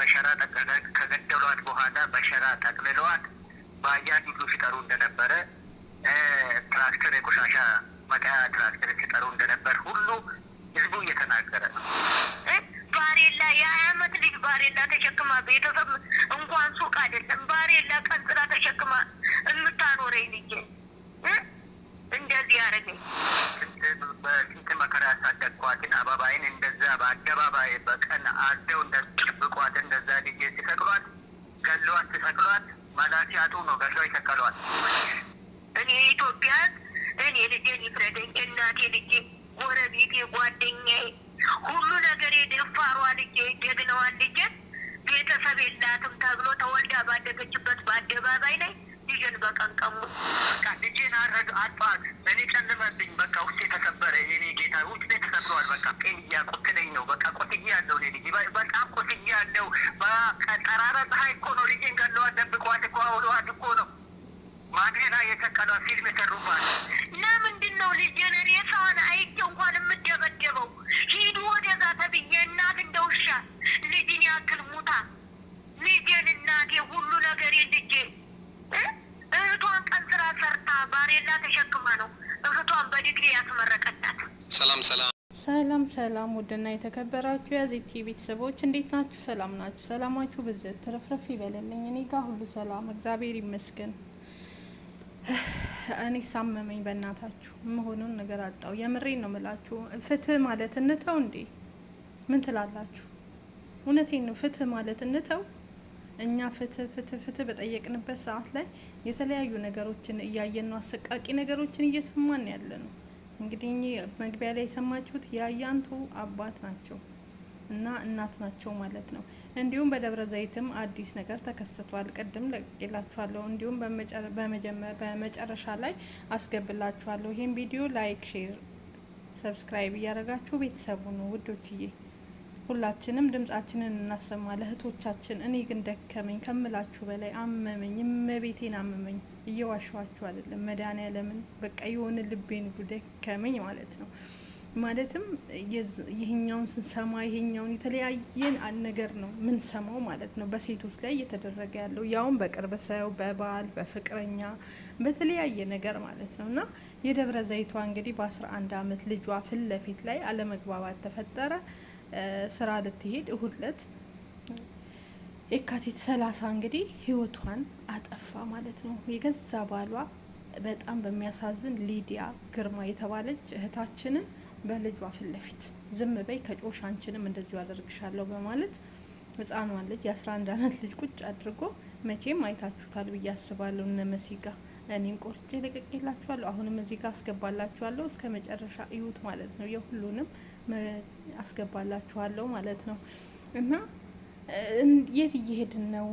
በሸራ ከገደሏት በኋላ በሸራ ጠቅልለዋት በአያት ሁሉ ሲጠሩ እንደነበረ ትራክተር፣ የቆሻሻ መጣያ ትራክተር ሲጠሩ እንደነበር ሁሉ ህዝቡ እየተናገረ ነው። ባሬላ የሀያ አመት ልጅ ባሬላ ተሸክማ ቤተሰብ እንኳን ሱቅ አይደለም ባሬላ ቀንጥላ ተሸክማ የምታኖረኝ ልጄ እንደዚህ ያደረገኝ በስንት መከራ ያሳደግኳትን አበባይን እንደዛ በአደባባይ በቀን አደው እንደ ብቋት እንደዛ ልጄ ሲሰቅሏት ገለዋት ሲሰቅሏት ማላፊ አጡ ነው ገለው ይሰቀሏት። እኔ ኢትዮጵያን እኔ ልጄን ይፍረደኝ። እናቴ ልጄ፣ ጎረቤቴ፣ ጓደኛዬ፣ ሁሉ ነገር የደፋሯ ልጄ ደግነዋ ልጄ ቤተሰብ የላትም ተብሎ ተወልዳ ባደገችበት በአደባባይ ላይ ልጄን በቀን ቀሙ በቃ ልጄን አረግ አጧት። እኔ ጨልመብኝ በቃ ውስጥ የተሰበረ የኔ ጌታ ውስጥ ተሰብረዋል። በቃ ጤን እያቁትለኝ ነው በቃ ቆትዬ ያለው እኔ በቃ ጠራራ ፀሐይ እኮ ነው ልጅን ገለዋት፣ ደብቋት እኮ አውለዋት እኮ ነው ማግኔና የተቀሏት ፊልም የሰሩባት። ለምንድን ነው ልጅን ሬሳዋን አይቼ እንኳን የምደበደበው? ሂዱ ወደዛ ተብዬ እናት እንደውሻ ልጅን ያክል ሙታ ልጄን እናቴ ሁሉ ነገር ልጄ እህቷን ቀን ስራ ሰርታ ባሬላ ተሸክማ ነው እህቷን በዲግሪ ያስመረቀላት። ሰላም ሰላም ሰላም ሰላም ውድና የተከበራችሁ ቲቪ ቤተሰቦች እንዴት ናችሁ? ሰላም ናችሁ? ሰላማችሁ ብዝት ትረፍረፍ ይበልልኝ። እኔ ጋር ሁሉ ሰላም እግዚአብሔር ይመስገን። እኔ ሳመመኝ በእናታችሁ መሆኑን ነገር አጣው። የምሬን ነው ምላችሁ። ፍትህ ማለት እንተው እንዴ? ምን ትላላችሁ? እውነቴን ነው። ፍትህ ማለት እንተው እኛ ፍትህ ፍትህ ፍትህ በጠየቅንበት ሰዓት ላይ የተለያዩ ነገሮችን እያየን ነው። አሰቃቂ ነገሮችን እየሰማን ያለ ነው እንግዲህ መግቢያ ላይ የሰማችሁት የአያንቱ አባት ናቸው እና እናት ናቸው ማለት ነው። እንዲሁም በደብረ ዘይትም አዲስ ነገር ተከስቷል። ቅድም ለቅቄላችኋለሁ። እንዲሁም በመጨረሻ ላይ አስገብላችኋለሁ። ይህም ቪዲዮ ላይክ፣ ሼር፣ ሰብስክራይብ እያደረጋችሁ ቤተሰቡ ነው ውዶችዬ ሁላችንም ድምጻችንን እናሰማ ለእህቶቻችን። እኔ ግን ደከመኝ ከምላችሁ በላይ አመመኝ፣ እመቤቴን አመመኝ። እየዋሸኋችሁ አይደለም። መድኃኒዓለምን በቃ የሆነ ልቤን ሁሉ ደከመኝ ማለት ነው። ማለትም ይህኛውን ስንሰማ ይሄኛውን የተለያየን ነገር ነው ምንሰማው ማለት ነው። በሴቶች ላይ እየተደረገ ያለው ያውን በቅርብ ሰው፣ በባል፣ በፍቅረኛ በተለያየ ነገር ማለት ነው እና የደብረ ዘይቷ እንግዲህ በ11 አመት ልጇ ፊት ለፊት ላይ አለመግባባት ተፈጠረ። ስራ ልትሄድ እሁድ የካቲት ሰላሳ እንግዲህ ህይወቷን አጠፋ ማለት ነው። የገዛ ባሏ በጣም በሚያሳዝን ሊዲያ ግርማ የተባለች እህታችንን በልጇ ፊት ለፊት ዝም በይ ከጮሽ አንችንም እንደዚሁ አደርግሻለሁ በማለት ህጻኗን ልጅ የ11 ዓመት ልጅ ቁጭ አድርጎ መቼም አይታችሁታል ብዬ አስባለሁ። እነ መሲጋ እኔም ቆርጬ ለቀቄላችኋለሁ። አሁንም እዚህ ጋር አስገባላችኋለሁ እስከ መጨረሻ እዩት ማለት ነው። የሁሉንም አስገባላችኋለሁ ማለት ነው እና የት እየሄድን ነው?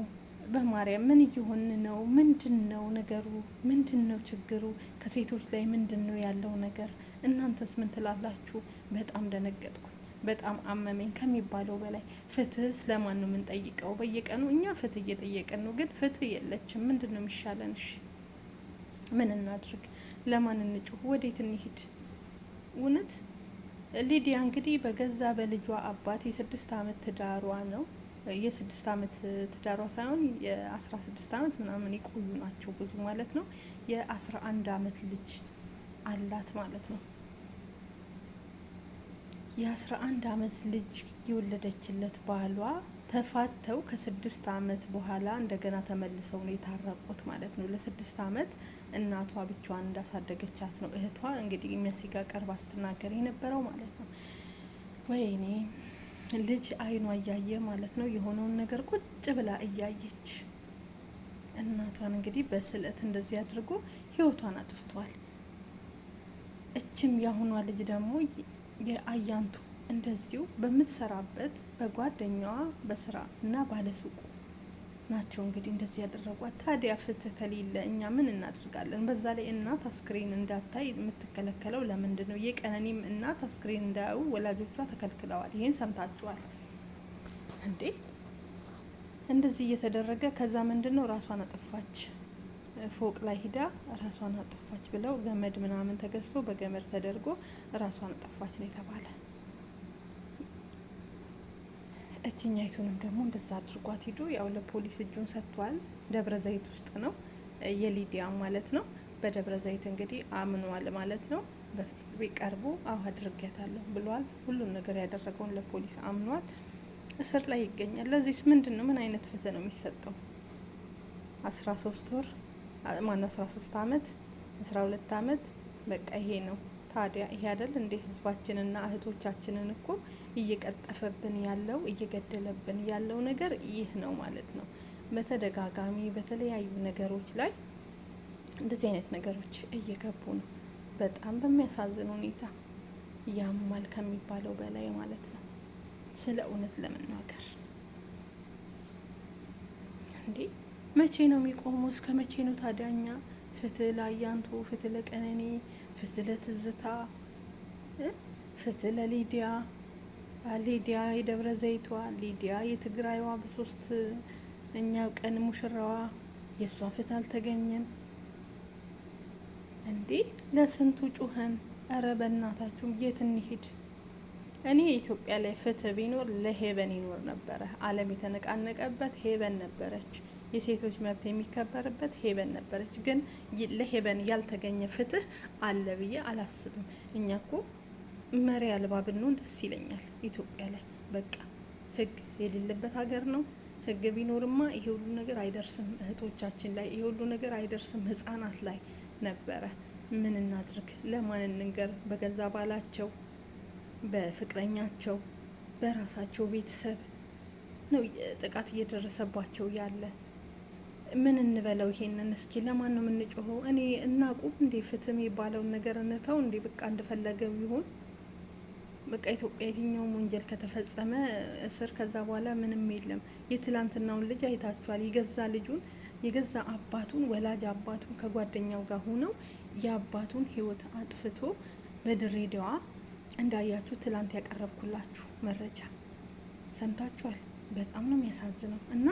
በማርያም ምን እየሆን ነው? ምንድን ነው ነገሩ? ምንድን ነው ችግሩ? ከሴቶች ላይ ምንድን ነው ያለው ነገር? እናንተስ ምን ትላላችሁ? በጣም ደነገጥኩ። በጣም አመመኝ ከሚባለው በላይ። ፍትህስ ለማን ነው የምንጠይቀው? በየቀኑ እኛ ፍትህ እየጠየቀን ነው፣ ግን ፍትህ የለችም። ምንድን ነው የሚሻለን? እሺ ምን እናድርግ? ለማን እንጩህ? ወዴት እንሂድ? እውነት ሊዲያ እንግዲህ በገዛ በልጇ አባት የስድስት አመት ትዳሯ ነው የስድስት አመት ትዳሯ ሳይሆን የአስራ ስድስት አመት ምናምን የቆዩ ናቸው ብዙ ማለት ነው። የአስራ አንድ አመት ልጅ አላት ማለት ነው። የአስራ አንድ አመት ልጅ የወለደችለት ባሏ ተፋተው ከስድስት አመት በኋላ እንደገና ተመልሰው ነው የታረቁት ማለት ነው። ለስድስት አመት እናቷ ብቻዋን እንዳሳደገቻት ነው እህቷ እንግዲህ መሲጋ ቀርባ ስትናገር የነበረው ማለት ነው። ወይኔ ልጅ አይኗ እያየ ማለት ነው የሆነውን ነገር ቁጭ ብላ እያየች እናቷን እንግዲህ በስለት እንደዚህ አድርጎ ህይወቷን አጥፍቷል። እችም የአሁኗ ልጅ ደግሞ የአያንቱ እንደዚሁ በምትሰራበት በጓደኛዋ በስራ እና ባለሱቁ ናቸው እንግዲህ እንደዚህ ያደረጓት። ታዲያ ፍትህ ከሌለ እኛ ምን እናደርጋለን? በዛ ላይ እናት አስክሬን እንዳታይ የምትከለከለው ለምንድን ነው? የቀነኒም እናት አስክሬን እንዳያዩ ወላጆቿ ተከልክለዋል። ይህን ሰምታችኋል እንዴ? እንደዚህ እየተደረገ ከዛ ምንድን ነው ራሷን አጠፋች፣ ፎቅ ላይ ሂዳ ራሷን አጠፋች ብለው ገመድ ምናምን ተገዝቶ በገመድ ተደርጎ ራሷን አጠፋች ነው የተባለ። እችኛይቱንም ደግሞ እንደዛ አድርጓት ሂዱ። ያው ለፖሊስ እጁን ሰጥቷል። ደብረ ዘይት ውስጥ ነው የሊዲያ ማለት ነው። በደብረ ዘይት እንግዲህ አምኗል ማለት ነው። በፍርድ ቤት ቀርቦ አሁ አድርጊያታለሁ ብሏል። ሁሉም ነገር ያደረገውን ለፖሊስ አምኗል። እስር ላይ ይገኛል። ለዚህስ ምንድን ነው? ምን አይነት ፍትህ ነው የሚሰጠው? አስራ ሶስት ወር ማነው አስራ ሶስት አመት አስራ ሁለት አመት በቃ ይሄ ነው። ታዲያ ይሄ አይደል እንዴ ህዝባችንና እህቶቻችንን እኮ እየቀጠፈብን ያለው እየገደለብን ያለው ነገር ይህ ነው ማለት ነው። በተደጋጋሚ በተለያዩ ነገሮች ላይ እንደዚህ አይነት ነገሮች እየገቡ ነው፣ በጣም በሚያሳዝን ሁኔታ ያማል ከሚባለው በላይ ማለት ነው። ስለ እውነት ለመናገር እንዴ መቼ ነው የሚቆመው? እስከ መቼ ነው ታዲያኛ ፍትህ ለአያንቱ፣ ፍትህ ለቀነኔ ፍትህ ለትዝታ፣ ፍትህ ለሊዲያ ሊዲያ የደብረ ዘይቷ ሊዲያ የትግራይዋ በሶስት እኛው ቀን ሙሽራዋ የእሷ ፍትህ አልተገኘም እንዴ? ለስንቱ ጩኸን። እረ በእናታችሁም የት እንሂድ? እኔ ኢትዮጵያ ላይ ፍትህ ቢኖር ለሄበን ይኖር ነበረ። ዓለም የተነቃነቀበት ሄበን ነበረች። የሴቶች መብት የሚከበርበት ሄበን ነበረች። ግን ለሄበን ያልተገኘ ፍትህ አለ ብዬ አላስብም። እኛ ኮ መሪ አልባ ብንሆን ደስ ይለኛል። ኢትዮጵያ ላይ በቃ ህግ የሌለበት ሀገር ነው። ህግ ቢኖርማ ይሄ ሁሉ ነገር አይደርስም፣ እህቶቻችን ላይ ይሄ ሁሉ ነገር አይደርስም፣ ህጻናት ላይ ነበረ። ምን እናድርግ? ለማን እንንገር? በገዛ ባላቸው፣ በፍቅረኛቸው፣ በራሳቸው ቤተሰብ ነው ጥቃት እየደረሰባቸው ያለ ምን እንበለው ይሄንን? እስኪ ለማን ነው የምንጮኸው? እኔ እናቁም እንዴ? ፍትህ የሚባለውን ነገር እንተው እንዴ? በቃ እንደፈለገው ይሁን። በቃ ኢትዮጵያ የትኛውም ወንጀል ከተፈጸመ እስር፣ ከዛ በኋላ ምንም የለም። የትላንትናውን ልጅ አይታችኋል። የገዛ ልጁን የገዛ አባቱን ወላጅ አባቱን ከጓደኛው ጋር ሆነው የአባቱን ህይወት አጥፍቶ በድሬዳዋ እንዳያችሁ ትላንት ያቀረብኩላችሁ መረጃ ሰምታችኋል። በጣም ነው የሚያሳዝነው እና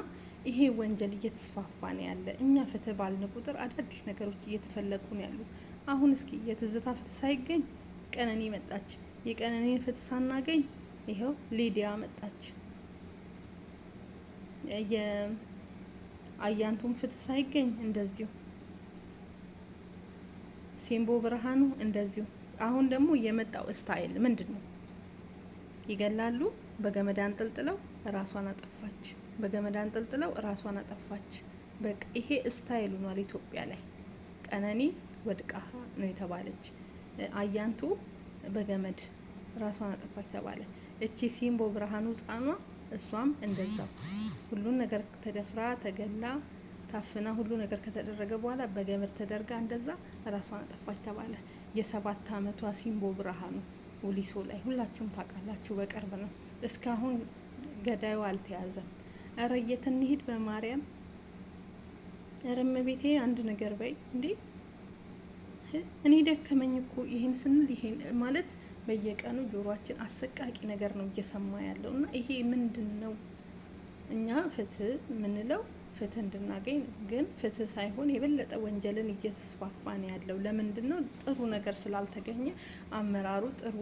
ይሄ ወንጀል እየተስፋፋ ነው ያለ። እኛ ፍትህ ባልን ቁጥር አዳዲስ ነገሮች እየተፈለጉ ነው ያሉ። አሁን እስኪ የትዝታ ፍትህ ሳይገኝ ቀነኒ መጣች። የቀነኒን ፍትህ ሳናገኝ ይኸው ሊዲያ መጣች። የአያንቱን ፍትህ ሳይገኝ እንደዚሁ ሲምቦ ብርሃኑ እንደዚሁ። አሁን ደግሞ የመጣው ስታይል ምንድን ነው? ይገላሉ፣ በገመድ አንጠልጥለው ራሷን አጠፋች። በገመድ አንጠልጥለው ራሷን አጠፋች። በቃ ይሄ ስታይል ሆኗል ኢትዮጵያ ላይ። ቀነኒ ወድቃ ነው የተባለች፣ አያንቱ በገመድ ራሷን አጠፋች ተባለ። እቺ ሲምቦ ብርሃኑ ህጻኗ እሷም እንደዛው ሁሉን ነገር ተደፍራ ተገላ ታፍና ሁሉ ነገር ከተደረገ በኋላ በገመድ ተደርጋ እንደዛ ራሷን አጠፋች ተባለ። የሰባት አመቷ ሲምቦ ብርሃኑ ውሊሶ ላይ ሁላችሁም ታውቃላችሁ፣ በቅርብ ነው። እስካሁን ገዳዩ አልተያዘም። እረ የት እንሂድ በማርያም እረም ቤቴ አንድ ነገር በይ እንዴ እኔ ደከመኝ እኮ ይሄን ስንል ይሄን ማለት በየቀኑ ጆሮአችን አሰቃቂ ነገር ነው እየሰማ ያለው እና ይሄ ምንድን ነው? እኛ ፍትህ የምንለው ፍትህ እንድናገኝ ነው። ግን ፍትህ ሳይሆን የበለጠ ወንጀልን እየተስፋፋ ነው ያለው። ለምንድን ነው? ጥሩ ነገር ስላልተገኘ አመራሩ ጥሩ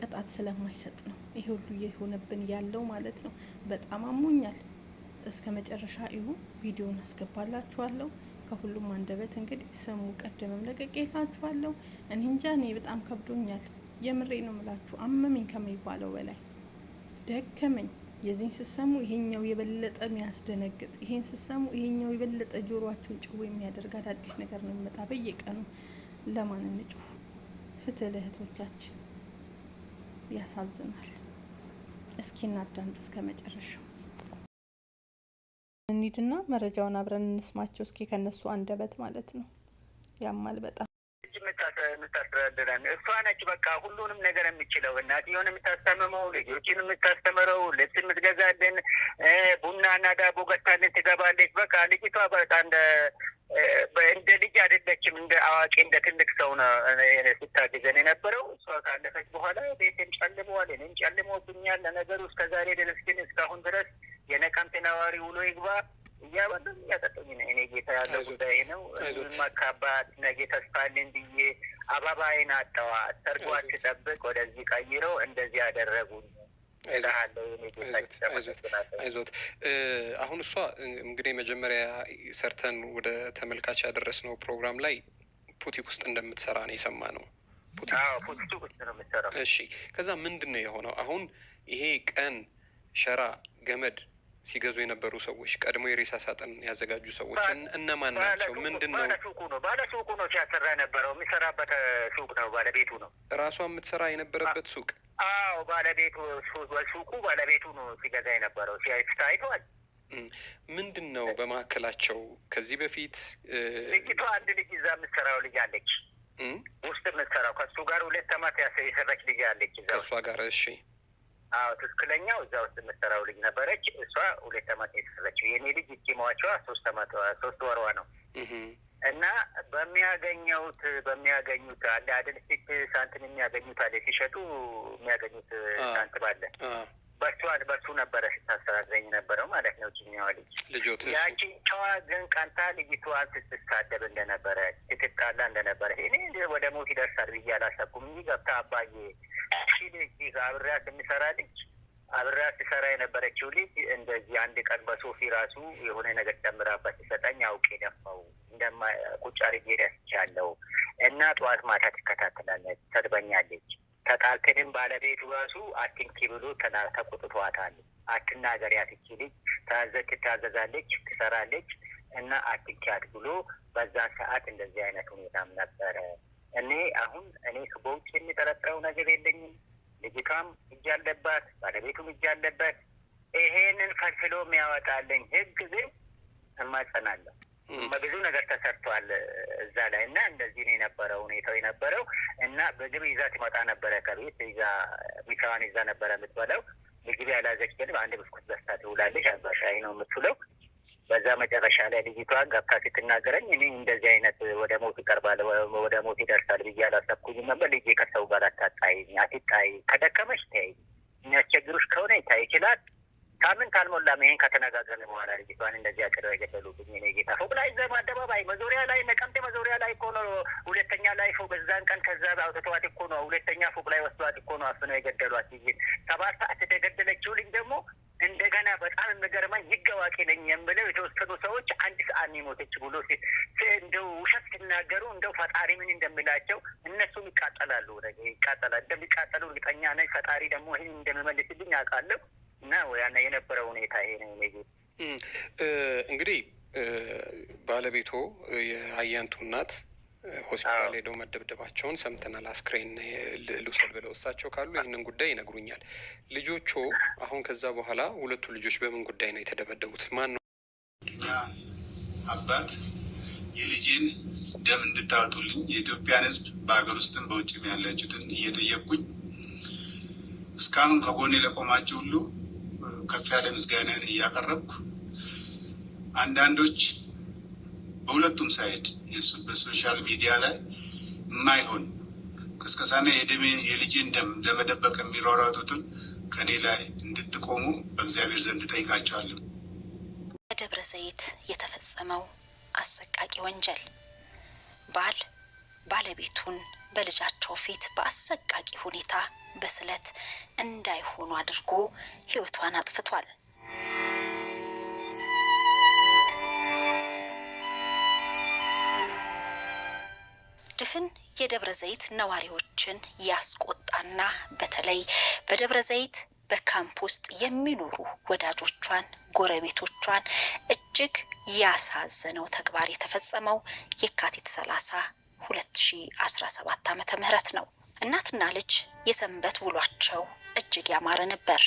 ቅጣት ስለማይሰጥ ነው ይሄ ሁሉ የሆነብን ያለው ማለት ነው። በጣም አሞኛል። እስከ መጨረሻ ይሁ ቪዲዮን አስገባላችኋለሁ። ከሁሉም አንደበት እንግዲህ ስሙ ቀደመም ለቀቄ ላችኋለሁ። እኔ እንጃ እኔ በጣም ከብዶኛል። የምሬ ነው ምላችሁ አመመኝ ከሚባለው በላይ ደከመኝ። የዚህን ስሰሙ ይሄኛው የበለጠ የሚያስደነግጥ ይሄን ስሰሙ ይሄኛው የበለጠ ጆሮአችሁን ጭው የሚያደርግ አዳዲስ ነገር ነው የሚመጣ በየቀኑ። ለማን እንጩህ? ፍትህ ለእህቶቻችን ያሳዝናል። እስኪ እናዳምጥ እስከ መጨረሻው እንሂድና መረጃውን አብረን እንስማቸው እስኪ ከነሱ አንደበት ማለት ነው። ያማል በጣም የምታስተዳድረን እሷ ነች። በቃ ሁሉንም ነገር የምችለው እናትየውን የምታስተምመው፣ ልጆችን የምታስተምረው፣ ልብስ የምትገዛልን፣ ቡናና ዳቦ ገታልን ትገባለች። በቃ ልጅቷ በቃ እንደ እንደ ልጅ አይደለችም። እንደ አዋቂ እንደ ትልቅ ሰው ነው ስታግዘን የነበረው። እሷ ካለፈች በኋላ ቤትም ጨልመዋል፣ እኔም ጨልሞብኛል። ለነገሩ እስከዛሬ ድረስ ግን እስካሁን ድረስ የነቀምቴ ነዋሪ ውሎ ይግባ እያበሉኝ እያጠጡኝ ነው። እኔ ጌታ ያለው ጉዳይ ነው። መካባት ነገ ተስፋልን ብዬ አባባይን አጠዋ ሰርጓች ጠብቅ ወደዚህ ቀይረው እንደዚህ ያደረጉኝ። አይዞት አሁን እሷ እንግዲህ መጀመሪያ ሰርተን ወደ ተመልካች ያደረስነው ፕሮግራም ላይ ፑቲክ ውስጥ እንደምትሰራ ነው የሰማ ነው። ውስጥ ነው የምትሰራው። እሺ፣ ከዛ ምንድን ነው የሆነው? አሁን ይሄ ቀን ሸራ ገመድ ሲገዙ የነበሩ ሰዎች ቀድሞ የሬሳ ሳጥን ያዘጋጁ ሰዎች እነማን ናቸው? ምንድን ነው? ነው ባለ ሱቁ ነው ሲያሰራ የነበረው የሚሰራበት ሱቅ ነው ባለቤቱ ነው። እራሷ የምትሰራ የነበረበት ሱቅ? አዎ ባለቤቱ ሱቁ ባለቤቱ ነው ሲገዛ የነበረው ሲታይቷል። ምንድን ነው በመካከላቸው ከዚህ በፊት ልጅቷ አንድ ልጅ እዛ የምትሰራው ልጅ አለች ውስጥ የምትሰራው ከሱ ጋር ሁለት ተማት የሰራች ልጅ አለች ከእሷ ጋር እሺ አዎ ትክክለኛው እዛ ውስጥ የምትሰራው ልጅ ነበረች። እሷ ሁለት አመት የተሰረችው የእኔ ልጅ እቺ መዋቿ ሶስት አመት ሶስት ወሯ ነው እና በሚያገኘውት በሚያገኙት አለ አይደል ሴት ሳንትን የሚያገኙት አለ ሲሸጡ የሚያገኙት ሳንት ባለ በሷን በሱ ነበረ ስታስተራዘኝ ነበረው ማለት ነው። ችኛዋ ልጅ ያቺ ጨዋ ግን ቀንታ ልጅቱ አንት ስትሳደብ እንደነበረ ስትጣላ እንደነበረ እኔ ወደ ሞት ይደርሳል ብዬ አላሰብኩም። ይህ ገብታ አባዬ እሺ ልጅ አብሬያት የሚሰራ ልጅ አብሬያት ሲሰራ የነበረችው ልጅ እንደዚህ አንድ ቀን በሶፊ ራሱ የሆነ ነገር ጨምራበት ሲሰጠኝ አውቄ ደፋው እንደማ ቁጭ አድርጌ ደፍቻለሁ እና ጠዋት ማታ ትከታተላለች፣ ተድበኛለች። ተጣልክንም ባለቤቱ ራሱ አትንኪ ብሎ ተቆጥቷታል። አትናገሪያት ይቺ ልጅ ታዘች፣ ትታዘዛለች፣ ትሰራለች እና አትንኪያት ብሎ በዛ ሰዓት እንደዚህ አይነት ሁኔታም ነበረ። እኔ አሁን እኔ ከቦውጭ የሚጠረጥረው ነገር የለኝም። ልጅቷም እጅ አለባት፣ ባለቤቱም እጅ አለበት። ይሄንን ፈልፍሎ የሚያወጣለኝ ህግ ግን እማጸናለሁ። በብዙ ነገር ተሰርቷል እዛ ላይ እና እንደዚህ ነው የነበረው ሁኔታው የነበረው እና ምግብ ይዛ ትመጣ ነበረ ከቤት ይዛ ሚካዋን ይዛ ነበረ የምትበላው ምግብ ያላዘች ግን በአንድ ብስኩት በስታ ትውላለች። አባሻይ ነው የምትውለው በዛ መጨረሻ ላይ ልጅቷ ገብታ ስትናገረኝ እኔ እንደዚህ አይነት ወደ ሞት ይቀርባል ወደ ሞት ይደርሳል ብዬ አላሰብኩኝም ነበር። ልጅ ከሰው ጋር አታጣይኝ፣ አትጣይ፣ ከደከመች ተይ፣ የሚያስቸግሩሽ ከሆነ ይታይ ይችላል። ሳምንት አልሞላም ይሄን ከተነጋገርን በኋላ ልጅቷን እንደዚህ አቅደው የገደሉብኝ። እኔ ጌታ ፎቅ ላይ ዘብ አደባባይ መዞሪያ ላይ ነቀምቴ መዞሪያ ላይ እኮ ነው ሁለተኛ ላይ ፎቅ በዛን ቀን ከዛ አውጥተዋት እኮ ነው ሁለተኛ ፎቅ ላይ ወስዷት እኮ ነው አፍነው የገደሏት። ሰባት ሰዓት ብለው የተወሰኑ ሰዎች አንድ ሰዓት የሞተች ብሎ እንደው ውሸት ሲናገሩ እንደው ፈጣሪ ምን እንደሚላቸው እነሱም ይቃጠላሉ፣ ይቃጠላል። እንደሚቃጠሉ እርግጠኛ ነኝ። ፈጣሪ ደግሞ ይህን እንደሚመልስልኝ አውቃለሁ። እና የነበረው ሁኔታ ይሄ ነው። እንግዲህ ባለቤቶ የአያንቱ እናት ሆስፒታል ሄደው መደብደባቸውን ሰምተናል። አስክሬን ልውሰድ ብለው እሳቸው ካሉ ይህንን ጉዳይ ይነግሩኛል። ልጆቹ አሁን ከዛ በኋላ ሁለቱ ልጆች በምን ጉዳይ ነው የተደበደቡት? ማን ነው አባት የልጄን ደም እንድታወጡልኝ የኢትዮጵያን ሕዝብ በሀገር ውስጥም በውጭም ያላችሁትን እየጠየቅኩኝ እስካሁን ከጎኔ ለቆማችሁ ሁሉ ከፍ ያለ ምስጋናን እያቀረብኩ አንዳንዶች በሁለቱም ሳይድ በሶሻል ሚዲያ ላይ የማይሆን ቅስቀሳና የደሜ የልጄን ደም ለመደበቅ የሚሯሯጡትን ከኔ ላይ እንድትቆሙ በእግዚአብሔር ዘንድ ጠይቃቸዋለሁ። በደብረ ዘይት የተፈጸመው አሰቃቂ ወንጀል ባል ባለቤቱን በልጃቸው ፊት በአሰቃቂ ሁኔታ በስለት እንዳይሆኑ አድርጎ ሕይወቷን አጥፍቷል። ሽፍን የደብረ ዘይት ነዋሪዎችን ያስቆጣና በተለይ በደብረ ዘይት በካምፕ ውስጥ የሚኖሩ ወዳጆቿን፣ ጎረቤቶቿን እጅግ ያሳዘነው ተግባር የተፈጸመው የካቲት 30 2017 ዓ.ም ነው። እናትና ልጅ የሰንበት ውሏቸው እጅግ ያማረ ነበር።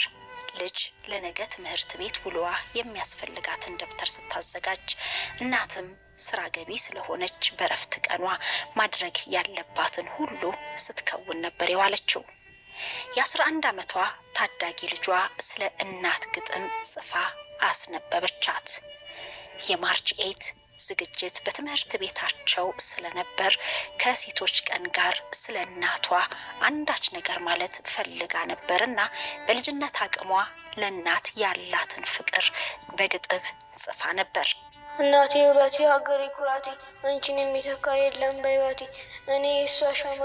ልጅ ለነገ ትምህርት ቤት ውሏ የሚያስፈልጋትን ደብተር ስታዘጋጅ እናትም ስራ ገቢ ስለሆነች በረፍት ቀኗ ማድረግ ያለባትን ሁሉ ስትከውን ነበር የዋለችው። የ11 ዓመቷ ታዳጊ ልጇ ስለ እናት ግጥም ጽፋ አስነበበቻት። የማርች ኤት ዝግጅት በትምህርት ቤታቸው ስለነበር ከሴቶች ቀን ጋር ስለ እናቷ አንዳች ነገር ማለት ፈልጋ ነበር እና በልጅነት አቅሟ ለእናት ያላትን ፍቅር በግጥም ጽፋ ነበር። እናቴ ውበቴ፣ ሀገሬ ኩራቴ፣ አንቺን የሚተካ የለም በሕይወቴ እኔ የእሷ ሻማ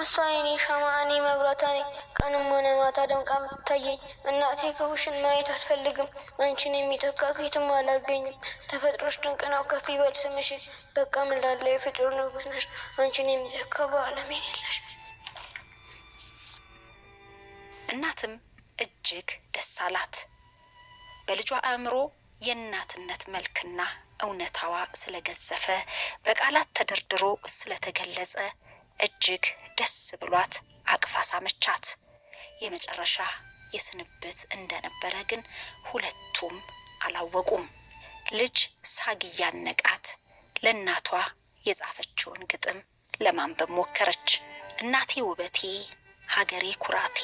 እሷ የኔ ሻማ እኔ መብራቷ ነኝ። ቀንም ሆነ ማታ ደምቃ ምትታየኝ! እናቴ ክቡሽን ማየት አልፈልግም። አንቺን የሚተካ ከየትም አላገኝም። ተፈጥሮች ድንቅ ነው፣ ከፍ ይበል ስምሽን። በቃ ምን ላለው የፍጡር ንጉሥ ነሽ። አንቺን የሚተካ በዓለም የሌለሽ። እናትም እጅግ ደስ አላት። በልጇ አእምሮ የእናትነት መልክና እውነታዋ ስለገዘፈ በቃላት ተደርድሮ ስለተገለጸ እጅግ ደስ ብሏት አቅፋ ሳመቻት። የመጨረሻ የስንብት እንደነበረ ግን ሁለቱም አላወቁም። ልጅ ሳግያን ነቃት ለእናቷ የጻፈችውን ግጥም ለማንበብ ሞከረች። እናቴ ውበቴ፣ ሀገሬ ኩራቴ